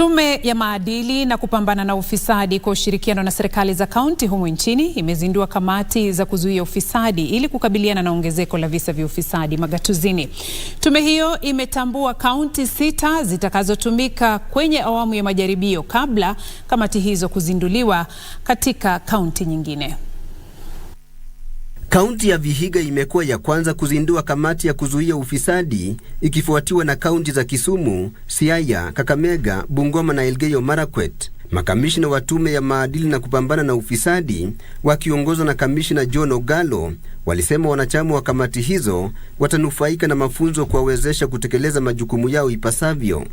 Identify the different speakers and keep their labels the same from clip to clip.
Speaker 1: Tume ya maadili na kupambana na ufisadi kwa ushirikiano na serikali za kaunti humu nchini imezindua kamati za kuzuia ufisadi ili kukabiliana na ongezeko la visa vya ufisadi magatuzini. Tume hiyo imetambua kaunti sita zitakazotumika kwenye awamu ya majaribio kabla kamati hizo kuzinduliwa katika kaunti nyingine.
Speaker 2: Kaunti ya Vihiga imekuwa ya kwanza kuzindua kamati ya kuzuia ufisadi ikifuatiwa na kaunti za Kisumu, Siaya, Kakamega, Bungoma na Elgeyo Marakwet. Makamishina wa tume ya maadili na kupambana na ufisadi wakiongozwa na kamishina John Ogalo walisema wanachama wa kamati hizo watanufaika na mafunzo kuwawezesha kutekeleza majukumu yao ipasavyo.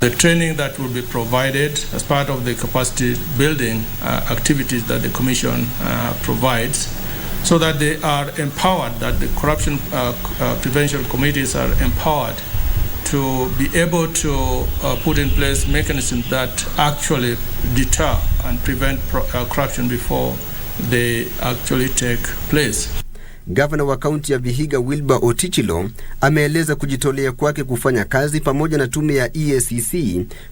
Speaker 3: The training that will be provided as part of the capacity building uh, activities that the commission uh, provides so that they are empowered, that the corruption uh, uh, prevention committees are empowered to be able to uh, put in place mechanisms that actually deter and prevent uh, corruption before they actually take place.
Speaker 2: Gavana wa kaunti ya Vihiga Wilbur Otichilo ameeleza kujitolea kwake kufanya kazi pamoja na tume ya EACC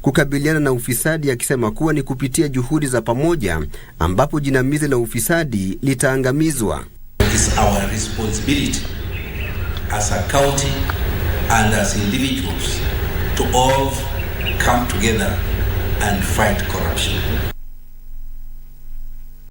Speaker 2: kukabiliana na ufisadi, akisema kuwa ni kupitia juhudi za pamoja ambapo jinamizi la ufisadi litaangamizwa.